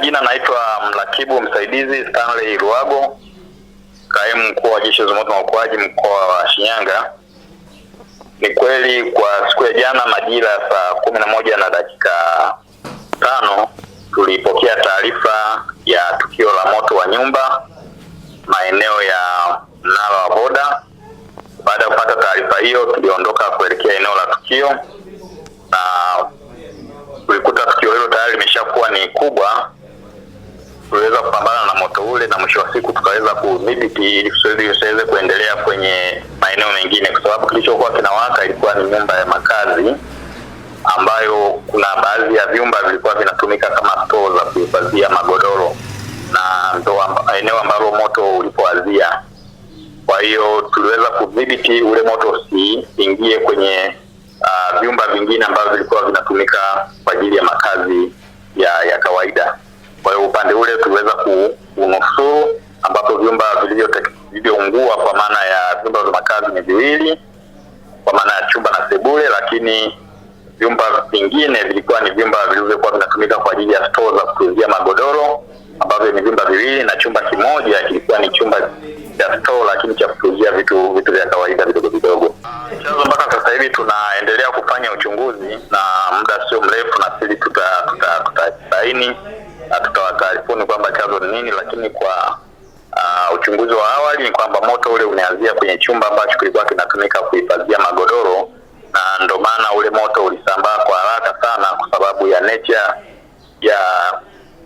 majina naitwa mrakibu msaidizi Stanley Ruago, kaimu mkuu wa jeshi la zimamoto na uokoaji mkoa wa Shinyanga. Ni kweli kwa siku ya jana majira saa kumi na moja na dakika tano tulipokea taarifa ya tukio la moto wa nyumba maeneo ya mnara wa boda. Baada ya kupata taarifa hiyo, tuliondoka kuelekea eneo la tukio na tulikuta tukio hilo tayari limeshakuwa ni kubwa tuliweza kupambana na moto ule na mwisho wa siku tukaweza kudhibiti ili kusudi usiweze kuendelea kwenye maeneo mengine, kwa sababu kilichokuwa kinawaka ilikuwa ni nyumba ya makazi ambayo kuna baadhi ya vyumba vilikuwa vinatumika kama stoo za kuhifadhia magodoro na ndo amba, eneo ambalo moto ulipoanzia. Kwa hiyo tuliweza kudhibiti ule moto usiingie kwenye uh, vyumba vingine ambavyo vilikuwa vinatumika kwa ajili ya makazi ya, ya kawaida upande ule tuliweza kunusuru, ambapo vyumba vilivyoungua kwa maana ya vyumba vya makazi ni viwili, kwa maana ya chumba na sebule, lakini vyumba vingine vilikuwa ni vyumba vilivyokuwa vinatumika kwa ajili ya stoo za kutunzia magodoro ambavyo ni vyumba viwili, na chumba kimoja kilikuwa ni chumba cha stoo, lakini cha kutunzia vitu vitu vya kawaida vidogo vidogo. Chanzo mpaka sasa hivi tunaendelea kufanya uchunguzi, na muda sio mrefu na tuta tutasaini tuta, tuta, tuta karibuni kwamba chanzo ni nini, lakini kwa uh, uchunguzi wa awali ni kwamba moto ule umeanzia kwenye chumba ambacho kilikuwa kinatumika kuhifadhia magodoro, na ndo maana ule moto ulisambaa kwa haraka sana kwa sababu ya nature ya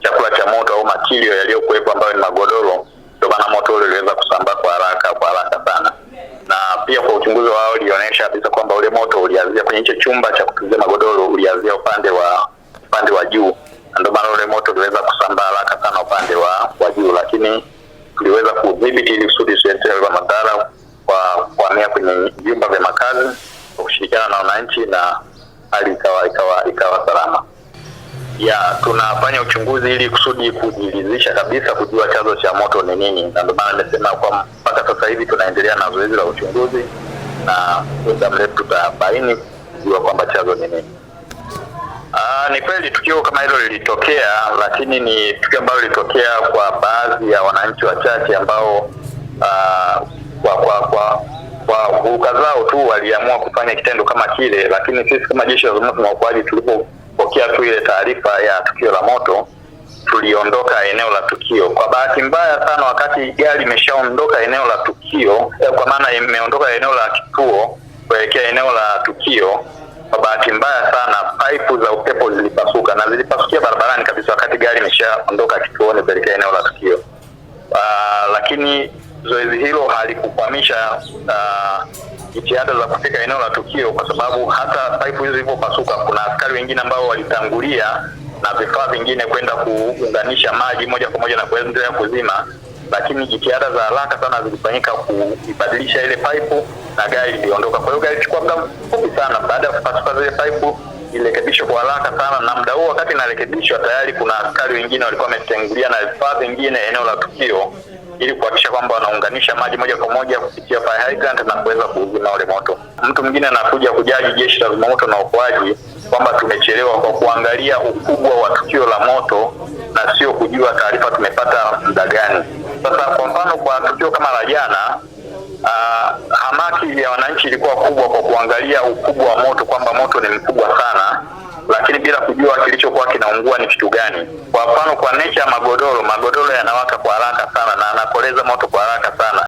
chakula cha moto au makilio yaliyokuwepo ambayo ni magodoro, ndio maana moto ule uliweza kusambaa kwa haraka kwa haraka sana. Na pia kwa uchunguzi wa awali ulionyesha kabisa kwamba ule moto ulianzia kwenye hicho chumba cha kutunzia magodoro, ulianzia upande wa upande wa juu lakini tuliweza kudhibiti ili kusudi tusiendelee madhara kwa kuhamia kwenye vyumba vya makazi kwa kushirikiana na wananchi, na hali ikawa ikawa ikawa salama. Ya, tunafanya uchunguzi ili kusudi kujiridhisha kabisa kujua chanzo cha moto ni nini, na ndio maana nimesema kwa mpaka sasa hivi tunaendelea na zoezi la uchunguzi na muda mrefu tutabaini kujua kwamba chanzo ni nini. Aa, ah, ni kweli tukio kama hilo lilitokea, lakini ni tukio ambalo lilitokea kwa baadhi ya wananchi wachache ambao ah, kwa kwa kwa kwa vuruka zao tu waliamua kufanya kitendo kama kile, lakini sisi kama Jeshi la Zimamoto na Uokoaji tulipopokea tu ile taarifa ya tukio la moto tuliondoka eneo la tukio. Kwa bahati mbaya sana, wakati gari imeshaondoka eneo la tukio, eh, kwa maana imeondoka eneo la kituo kuelekea eneo la tukio kwa bahati mbaya sana pipe za upepo zilipasuka na zilipasukia barabarani kabisa, wakati gari imeshaondoka kituoni kuelekea eneo la tukio. Uh, lakini zoezi hilo halikukwamisha uh, jitihada za kufika eneo la tukio, kwa sababu hata pipe hizo zilipopasuka, kuna askari wengine ambao walitangulia na vifaa vingine kwenda kuunganisha maji moja kwa moja na kuendelea kuzima, lakini jitihada za haraka sana zilifanyika kuibadilisha ile pipe na gari iliondoka. Kwa hiyo gari ilichukua muda mfupi sana, baada ya kupasuka zile pipe irekebishwa kwa haraka sana, na muda huo wakati inarekebishwa, tayari kuna askari wengine walikuwa wametengulia na vifaa vingine eneo la tukio, ili kuhakikisha kwamba wanaunganisha maji moja kwa moja kupitia fire hydrant na kuweza kuuzima ule moto. Mtu mwingine anakuja kujaji jeshi la zimamoto na uokoaji kwamba tumechelewa kwa kuangalia ukubwa wa tukio la moto na sio kujua taarifa tumepata muda gani. Sasa kwa mfano, kwa tukio kama la jana uh, hamaki ya wananchi ilikuwa kubwa kwa kuangalia ukubwa wa moto, kwamba moto ni mkubwa sana, lakini bila kujua kilichokuwa kinaungua ni kitu gani. Kwa mfano, kwa nature ya magodoro, magodoro yanawaka kwa haraka sana na anakoleza moto kwa haraka sana.